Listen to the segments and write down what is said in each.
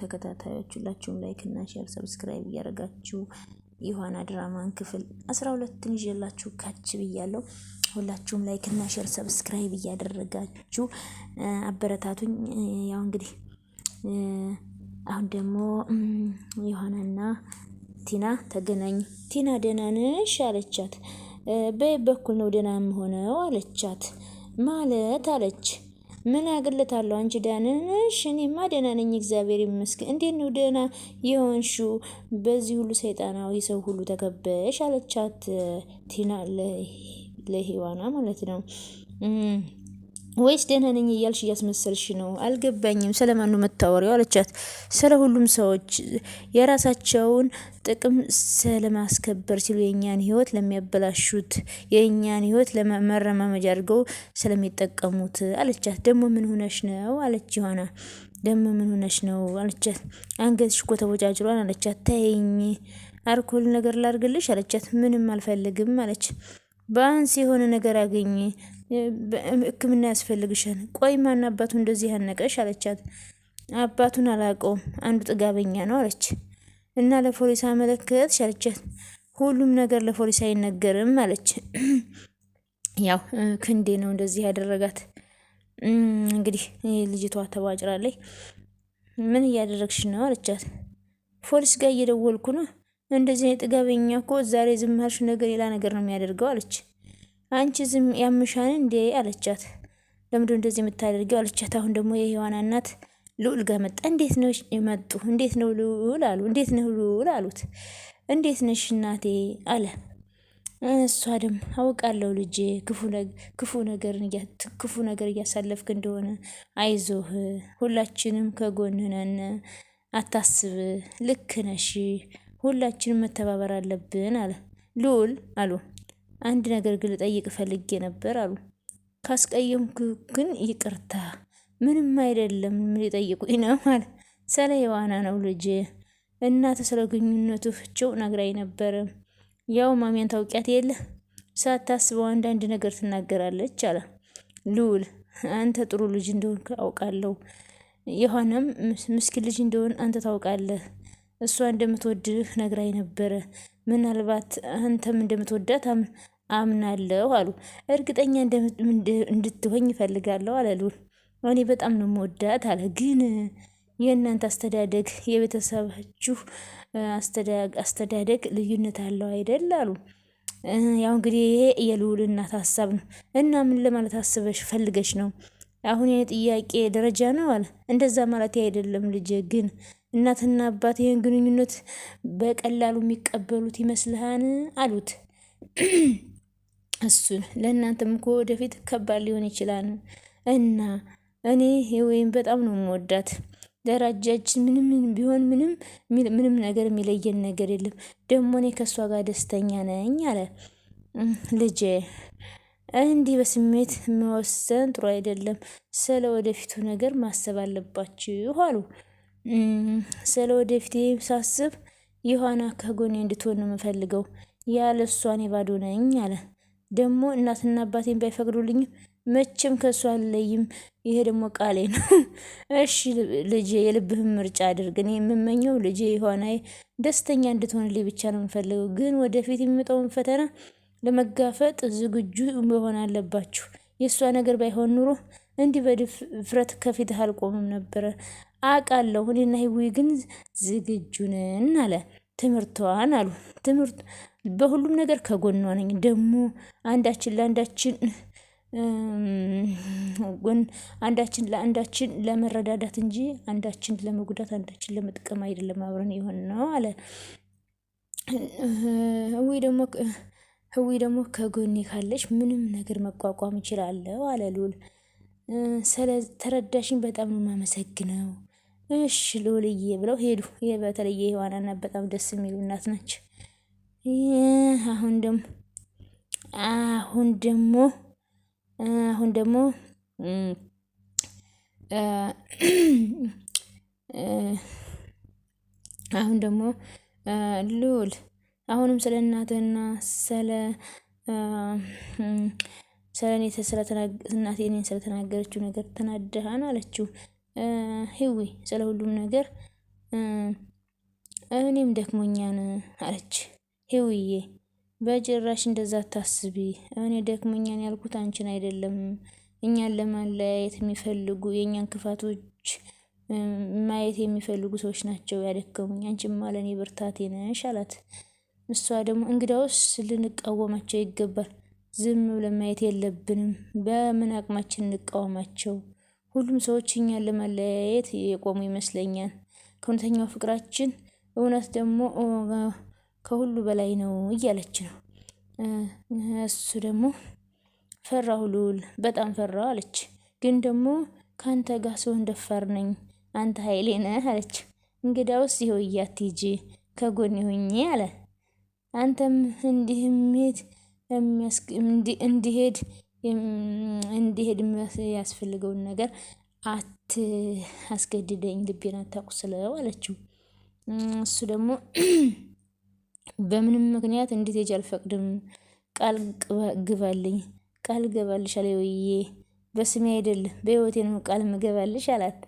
ተከታታዮች ሁላችሁም ላይክ እና ሼር ሰብስክራይብ እያደረጋችሁ ዮሐና ድራማን ክፍል አስራ ሁለትን ይዤላችሁ ካች ብያለሁ። ሁላችሁም ላይክ እና ሼር ሰብስክራይብ እያደረጋችሁ አበረታቱኝ። ያው እንግዲህ አሁን ደግሞ ዮሐናና ቲና ተገናኙ። ቲና ደህና ነሽ አለቻት። በይ በኩል ነው ደህና የምሆነው አለቻት። ማለት አለች ምን አግልታለሁ? አንቺ ደህና ነሽ? እኔማ ደህና ነኝ እግዚአብሔር ይመስገን። እንዴት ነው ደህና የሆንሽው? በዚህ ሁሉ ሰይጣናዊ ሰው ሁሉ ተከበሽ አለቻት ቲና ለሂዋና ማለት ነው። ወይስ ደህና ነኝ እያልሽ እያስመሰልሽ ነው? አልገባኝም። ስለማኑ መታወሪያው አለቻት። ስለ ሁሉም ሰዎች የራሳቸውን ጥቅም ስለማስከበር ሲሉ የእኛን ህይወት ለሚያበላሹት የእኛን ህይወት ለመረማመጃ አድርገው ስለሚጠቀሙት አለቻት። ደግሞ ምን ሆነሽ ነው አለች ዮሐና። ደግሞ ምን ሆነሽ ነው አለቻት። አንገትሽ እኮ ተወጫጭሯን አለቻት። ተይኝ አልኮል ነገር ላርግልሽ አለቻት። ምንም አልፈልግም አለች። በአንስ የሆነ ነገር አገኘ ሕክምና ያስፈልግሻል። ቆይ ማን አባቱ እንደዚህ ያነቀሽ አለቻት። አባቱን አላውቀውም አንዱ ጥጋበኛ ነው አለች። እና ለፖሊስ አመለከትሽ አለቻት። ሁሉም ነገር ለፖሊስ አይነገርም አለች። ያው ክንዴ ነው እንደዚህ ያደረጋት። እንግዲህ ልጅቷ ተቧጭራለች። ምን እያደረግሽ ነው አለቻት። ፖሊስ ጋር እየደወልኩ ነው። እንደዚህ ጥጋበኛ እኮ ዛሬ ዝም አልሽ፣ ሌላ ነገር ነው የሚያደርገው አለች። አንቺ ዝም ያምሻን እንዴ አለቻት። ለምዶ እንደዚህ የምታደርገው አለቻት። አሁን ደግሞ የሔዋና እናት ልዑል ጋር መጣ። እንዴት ነው መጡ? እንዴት ነው ልዑል አሉ። እንዴት ነው ልዑል አሉት። እንዴት ነሽ እናቴ አለ። እሷ ደም አውቃለሁ ልጄ ክፉ ነገር ክፉ ነገር እያሳለፍክ እንደሆነ አይዞህ፣ ሁላችንም ከጎንነን አታስብ፣ ልክ ነሽ፣ ሁላችንም መተባበር አለብን አለ ልዑል አሉ አንድ ነገር ግን ልጠይቅ ፈልጌ ነበር አሉ። ካስቀየምኩ ግን ይቅርታ፣ ምንም አይደለም። ምን ሊጠይቁኝ ነው አለ። ስለ ዮሐና ነው ልጅ እናት ስለ ግንኙነቱ ፍቺው ነግራኝ ነበር። ያው ማሚያን ታውቂያት የለ ሳታስበው አንዳንድ ነገር ትናገራለች አለ ልውል። አንተ ጥሩ ልጅ እንደሆን አውቃለሁ፣ የሆነም ምስኪን ልጅ እንደሆን አንተ ታውቃለህ። እሷ እንደምትወድህ ነግራኝ ነበረ። ምናልባት አንተም እንደምትወዳት አምናለሁ አሉ። እርግጠኛ እንድትሆኝ ይፈልጋለሁ አለ ልዑል። እኔ በጣም ነው መወዳት አለ። ግን የእናንተ አስተዳደግ፣ የቤተሰባችሁ አስተዳደግ ልዩነት አለው አይደል አሉ። ያው እንግዲህ ይሄ የልዑል እናት ሀሳብ ነው እና ምን ለማለት አስበሽ ፈልገሽ ነው አሁን ጥያቄ ደረጃ ነው አለ። እንደዛ ማለት አይደለም ልጄ። ግን እናትና አባት ይህን ግንኙነት በቀላሉ የሚቀበሉት ይመስልሃን? አሉት። እሱን ለእናንተም እኮ ወደፊት ከባድ ሊሆን ይችላል እና እኔ ወይም በጣም ነው የምወዳት ደረጃችን ምንም ቢሆን ምንም ምንም ነገር የሚለየን ነገር የለም። ደግሞ እኔ ከእሷ ጋር ደስተኛ ነኝ አለ ልጄ እንዲህ በስሜት መወሰን ጥሩ አይደለም። ስለ ወደፊቱ ነገር ማሰብ አለባችሁ አሉ። ስለ ወደፊት ሳስብ ዮሐና ከጎኔ እንድትሆን ነው የምፈልገው። ያለ እሷ እኔ ባዶ ነኝ አለ። ደግሞ እናትና አባቴን ባይፈቅዱልኝም መቼም ከእሷ አልለይም። ይሄ ደግሞ ቃሌ ነው። እሺ ልጄ፣ የልብህን ምርጫ አድርግ። እኔ የምመኘው ልጄ ዮሐናዬ ደስተኛ እንድትሆንልኝ ብቻ ነው የምፈልገው። ግን ወደፊት የሚመጣውን ፈተና ለመጋፈጥ ዝግጁ መሆን አለባችሁ። የእሷ ነገር ባይሆን ኑሮ እንዲህ በድፍረት ከፊትህ አልቆምም ነበረ። አውቃለሁ እኔና ህዊ ግን ዝግጁ ነን አለ። ትምህርቷን አሉ ትምህርት በሁሉም ነገር ከጎኗ ነኝ። ደግሞ አንዳችን ለአንዳችን ጎን አንዳችን ለአንዳችን ለመረዳዳት እንጂ አንዳችን ለመጉዳት አንዳችን ለመጥቀም አይደለም አብረን የሆን ነው አለ። ወይ ደግሞ ህዊ ደግሞ ከጎኔ ካለች ምንም ነገር መቋቋም እችላለሁ አለ ልዑል። ተረዳሽኝ፣ በጣም ነው የማመሰግነው። እሽ ልዑልዬ ብለው ሄዱ። በተለየ ህዋናና በጣም ደስ የሚሉ እናት ናቸው። አሁን ደግሞ አሁን ደግሞ አሁን ደግሞ አሁን ደግሞ ልዑል አሁንም ስለ እናትህና ስለ ስለ እኔ እናቴ እኔን ስለተናገረችው ነገር ተናደሃን? አለችው ህዊ ስለ ሁሉም ነገር እኔም ደክሞኛን አለች። ህዊዬ በጭራሽ እንደዛ ታስቢ። እኔ ደክሞኛን ያልኩት አንቺን አይደለም። እኛን ለማለያየት የሚፈልጉ የእኛን ክፋቶች ማየት የሚፈልጉ ሰዎች ናቸው ያደከሙኝ። አንቺማ ለእኔ ብርታቴ ነሽ አላት። እሷ ደግሞ እንግዳውስ ልንቃወማቸው ይገባል፣ ዝም ብለን ማየት የለብንም። በምን አቅማችን እንቃወማቸው? ሁሉም ሰዎች እኛን ለመለያየት የቆሙ ይመስለኛል። ከእውነተኛው ፍቅራችን እውነት ደግሞ ከሁሉ በላይ ነው እያለች ነው። እሱ ደግሞ ፈራሁ ልዑል፣ በጣም ፈራሁ አለች። ግን ደግሞ ከአንተ ጋር ስሆን ደፋር ነኝ፣ አንተ ኃይሌ ነህ አለች። እንግዳውስ ይኸው እያትጂ ከጎን ይሁኝ አለ። አንተም እንዲህ እንዲህምሄድ እንዲሄድ እንዲሄድ ያስፈልገውን ነገር አት አስገድደኝ ልቤን አታቁስለው አለችው። እሱ ደግሞ በምንም ምክንያት እንዴት እንድትሄጂ አልፈቅድም፣ ቃል ግባልኝ፣ ቃል ገባልሽ አለ ወዬ በስሜ አይደለም በህይወቴ ነው ቃል ምገባልሽ አላት።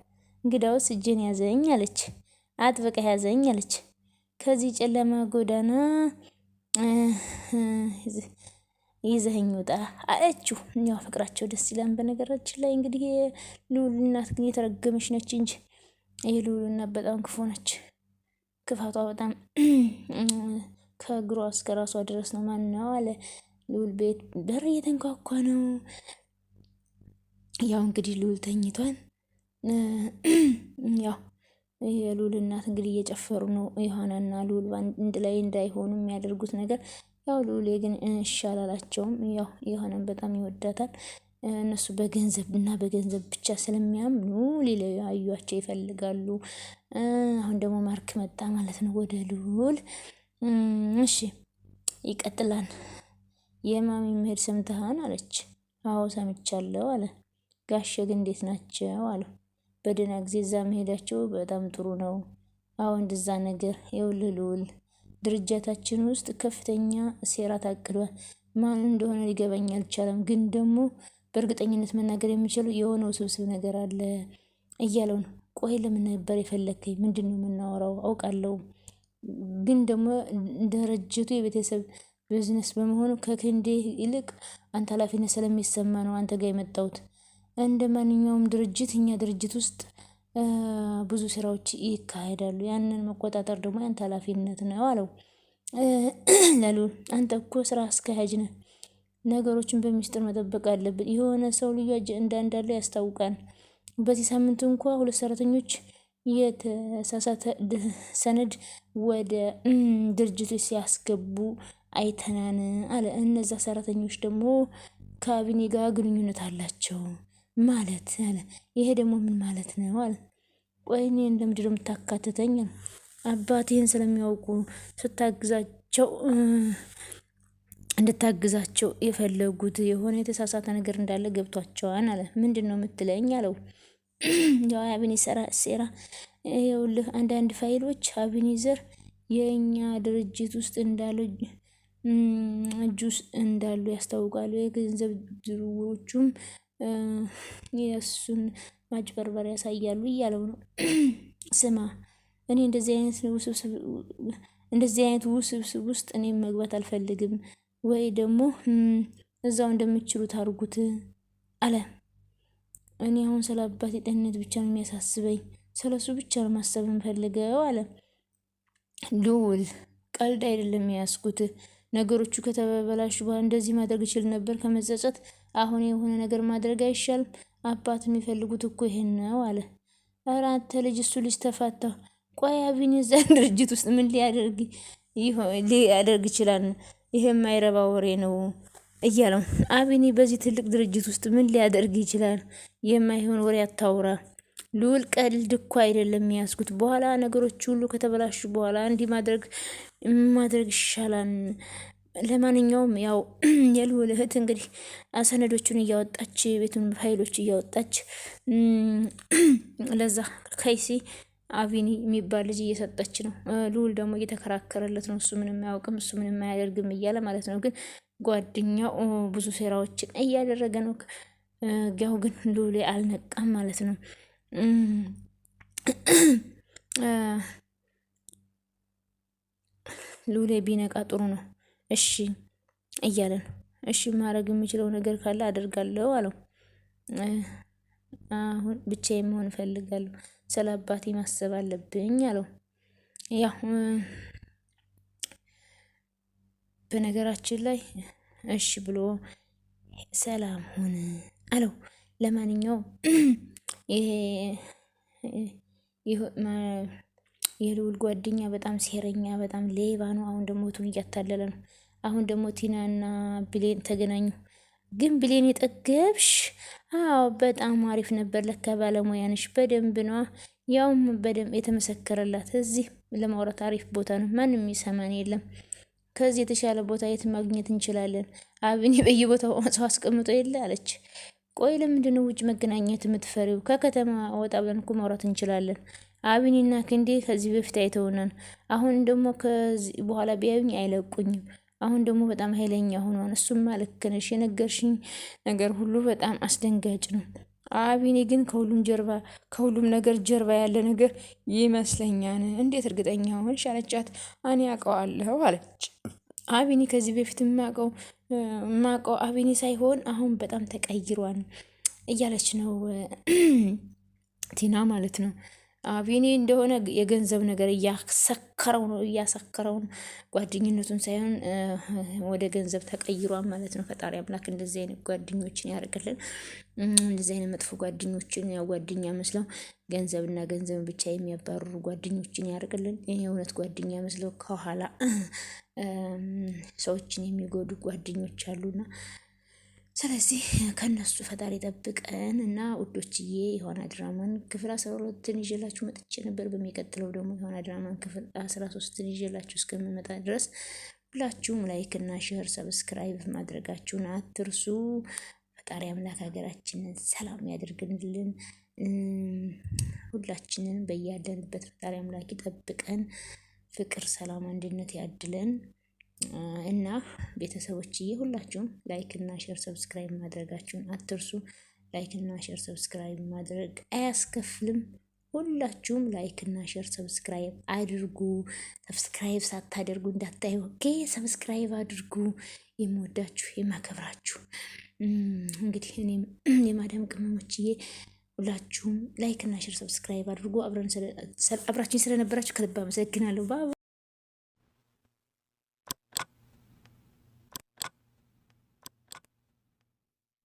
እንግዳውስ እጄን ያዘኝ አለች፣ አጥብቃ ያዘኝ አለች። ከዚህ ጨለማ ጎዳና ይዘኸኝ ውጣ አለችው። ያው ፍቅራቸው ደስ ይላል። በነገራችን ላይ እንግዲህ የልዑል እናት ግን የተረገመች ነች እንጂ የልዑል እናት በጣም ክፉ ነች። ክፋቷ በጣም ከእግሯ እስከ ራሷ ድረስ ነው። ነው አለ ልዑል ቤት በር እየተንኳኳ ነው። ያው እንግዲህ ልዑል ተኝቷል። ያው የሉል እናት እንግዲህ እየጨፈሩ ነው። ዮሐናና ሉል አንድ ላይ እንዳይሆኑ የሚያደርጉት ነገር ያው ሉሌ ግን እሺ ያው ዮሐናን በጣም ይወዳታል። እነሱ በገንዘብ እና በገንዘብ ብቻ ስለሚያምኑ ሊለያዩቸው ይፈልጋሉ። አሁን ደግሞ ማርክ መጣ ማለት ነው ወደ ሉል። እሺ ይቀጥላል። የማሚ መሄድ ሰምተሃን አለች። አዎ ሰምቻለሁ አለ። ጋሸ ግን እንዴት ናቸው አለው። በደህና ጊዜ እዛ መሄዳቸው በጣም ጥሩ ነው። አሁን እንደዛ ነገር የውልልውል ድርጃታችን ድርጅታችን ውስጥ ከፍተኛ ሴራ ታቅዷል። ማን እንደሆነ ሊገባኝ አልቻለም፣ ግን ደግሞ በእርግጠኝነት መናገር የሚችለው የሆነ ውስብስብ ነገር አለ እያለው ነው። ቆይ ለምን ነበር የፈለግከኝ? ምንድን ነው የምናወራው? አውቃለሁ፣ ግን ደግሞ ድርጅቱ የቤተሰብ ቢዝነስ በመሆኑ ከክንዴ ይልቅ አንተ ኃላፊነት ስለሚሰማ ነው አንተ ጋር የመጣሁት። እንደ ማንኛውም ድርጅት እኛ ድርጅት ውስጥ ብዙ ስራዎች ይካሄዳሉ። ያንን መቆጣጠር ደግሞ ያንተ ኃላፊነት ነው አለው። ለልዑል አንተ እኮ ስራ አስኪያጅ ነህ፣ ነገሮችን በሚስጥር መጠበቅ አለብን። የሆነ ሰው ልዩ አጀንዳ እንዳለው ያስታውቃል። በዚህ ሳምንት እንኳ ሁለት ሰራተኞች የተሳሳተ ሰነድ ወደ ድርጅቱ ሲያስገቡ አይተናን አለ። እነዛ ሰራተኞች ደግሞ ካቢኔ ጋር ግንኙነት አላቸው። ማለት አለ። ይሄ ደግሞ ምን ማለት ነው አለ። ቆይ እኔን ለምንድን የምታካትተኝ? አባቴን ስለሚያውቁ ስታግዛቸው እንድታግዛቸው የፈለጉት የሆነ የተሳሳተ ነገር እንዳለ ገብቷቸዋል አለ። ምንድን ነው የምትለኝ አለው። ያው አቤኔዘር ሴራ ይኸውልህ፣ አንዳንድ ፋይሎች አቤኔዘር የእኛ ድርጅት ውስጥ እንዳሉ እጁ እንዳሉ ያስታውቃሉ። የገንዘብ ዝውውሮቹም የእሱን ማጭበርበር ያሳያሉ እያለው ነው። ስማ እኔ እንደዚህ አይነት ውስብስብ እንደዚህ አይነት ውስብስብ ውስጥ እኔ መግባት አልፈልግም፣ ወይ ደግሞ እዛው እንደምችሉት አድርጉት አለ። እኔ አሁን ስለ አባቴ ጤንነት ብቻ ነው የሚያሳስበኝ፣ ስለ እሱ ብቻ ነው ማሰብ እንፈልገው አለ ልውል ቀልድ አይደለም የያዝኩት ነገሮቹ ከተበላሹ በኋላ እንደዚህ ማድረግ እችል ነበር ከመጸጸት አሁን የሆነ ነገር ማድረግ አይሻልም? አባት የሚፈልጉት እኮ ይሄን ነው አለ። ኧረ አንተ ልጅ እሱ ልጅ ተፋታሁ። ቆይ አቢን ድርጅት ውስጥ ምን ሊያደርግ ሊያደርግ ይችላል? ይሄ የማይረባ ወሬ ነው እያለው አቢኒ በዚህ ትልቅ ድርጅት ውስጥ ምን ሊያደርግ ይችላል? የማይሆን ወሬ አታውራ ልውል ቀልድ እኮ አይደለም ያዝኩት። በኋላ ነገሮች ሁሉ ከተበላሹ በኋላ እንዲህ ማድረግ ማድረግ ይሻላል። ለማንኛውም ያው የልውል እህት እንግዲህ ሰነዶቹን እያወጣች ቤቱን ፋይሎች እያወጣች ለዛ ከይሲ አቪኒ የሚባል ልጅ እየሰጠች ነው። ልውል ደግሞ እየተከራከረለት ነው። እሱ ምንም አያውቅም፣ እሱ ምንም አያደርግም እያለ ማለት ነው። ግን ጓደኛው ብዙ ሴራዎችን እያደረገ ነው። ያው ግን ልዑል አልነቃም ማለት ነው። ልዑል ቢነቃ ጥሩ ነው። እሺ እያለ ነው። እሺ ማድረግ የሚችለው ነገር ካለ አደርጋለሁ አለው። አሁን ብቻዬን መሆን እፈልጋለሁ፣ ስለ አባቴ ማሰብ አለብኝ አለው። ያው በነገራችን ላይ እሺ ብሎ ሰላም ሆነ አለው። ለማንኛውም ይሄ የልውል ጓደኛ በጣም ሴረኛ፣ በጣም ሌባ ነው። አሁን ደግሞ ቱን እያታለለ ነው። አሁን ደግሞ ቲናና ብሌን ተገናኙ። ግን ብሌን የጠገብሽ? አዎ በጣም አሪፍ ነበር። ለካ ባለሙያ ነሽ። በደንብ ነዋ፣ ያውም በደንብ የተመሰከረላት። እዚህ ለማውራት አሪፍ ቦታ ነው። ማንም ይሰማን የለም። ከዚህ የተሻለ ቦታ የት ማግኘት እንችላለን? አብኔ በየቦታው ሰው አስቀምጦ የለ አለች። ቆይ ለምንድነው ውጭ መገናኘት የምትፈሪው? ከከተማ ወጣ ብለን እኮ ማውራት እንችላለን። አብኒና ክንዴ ከዚህ በፊት አይተውናል። አሁን ደግሞ ከዚህ በኋላ ቢያዩኝ አይለቁኝም። አሁን ደግሞ በጣም ኃይለኛ ሆኗን። እሱም ልክ ነሽ፣ የነገርሽኝ ነገር ሁሉ በጣም አስደንጋጭ ነው። አቢኔ ግን ከሁሉም ጀርባ ከሁሉም ነገር ጀርባ ያለ ነገር ይመስለኛል። እንዴት እርግጠኛ ሆንሽ? አለቻት። እኔ አውቀዋለሁ አለች አቢኔ። ከዚህ በፊት የማውቀው የማውቀው አቢኔ ሳይሆን አሁን በጣም ተቀይሯን እያለች ነው ቲና ማለት ነው። አቢኔ እንደሆነ የገንዘብ ነገር እያሰከረው ነው እያሰከረው ነው። ጓደኝነቱን ሳይሆን ወደ ገንዘብ ተቀይሯል ማለት ነው። ፈጣሪ አምላክ እንደዚህ አይነት ጓደኞችን ያደርግልን። እንደዚህ አይነት መጥፎ ጓደኞችን ያው ጓደኛ መስለው ገንዘብና ገንዘብ ብቻ የሚያባርሩ ጓደኞችን ያደርግልን። ይህ እውነት ጓደኛ መስለው ከኋላ ሰዎችን የሚጎዱ ጓደኞች አሉና ስለዚህ ከእነሱ ፈጣሪ ጠብቀን እና ውዶችዬ የሆነ ድራማን ክፍል አስራ ሁለትን ይዤላችሁ መጥቼ ነበር። በሚቀጥለው ደግሞ የሆነ ድራማን ክፍል አስራ ሶስትን ይዤላችሁ እስከምመጣ ድረስ ሁላችሁም ላይክ እና ሼር ሰብስክራይብ ማድረጋችሁን አትርሱ። ፈጣሪ አምላክ ሀገራችንን ሰላም ያደርግልን። ሁላችንን በያለንበት ፈጣሪ አምላክ ይጠብቀን። ፍቅር፣ ሰላም፣ አንድነት ያድለን። እና ቤተሰቦችዬ ሁላችሁም ላይክ እና ሼር ሰብስክራይብ ማድረጋችሁን አትርሱ። ላይክ እና ሼር ሰብስክራይብ ማድረግ አያስከፍልም። ሁላችሁም ላይክ እና ሼር ሰብስክራይብ አድርጉ። ሰብስክራይብ ሳታደርጉ እንዳታዩ። ኦኬ ሰብስክራይብ አድርጉ። የምወዳችሁ የማከብራችሁ እንግዲህ እኔም የማዳም ቅመሞችዬ ሁላችሁም ላይክ እና ሼር ሰብስክራይብ አድርጉ። አብራችሁኝ ስለነበራችሁ ከልብ አመሰግናለሁ።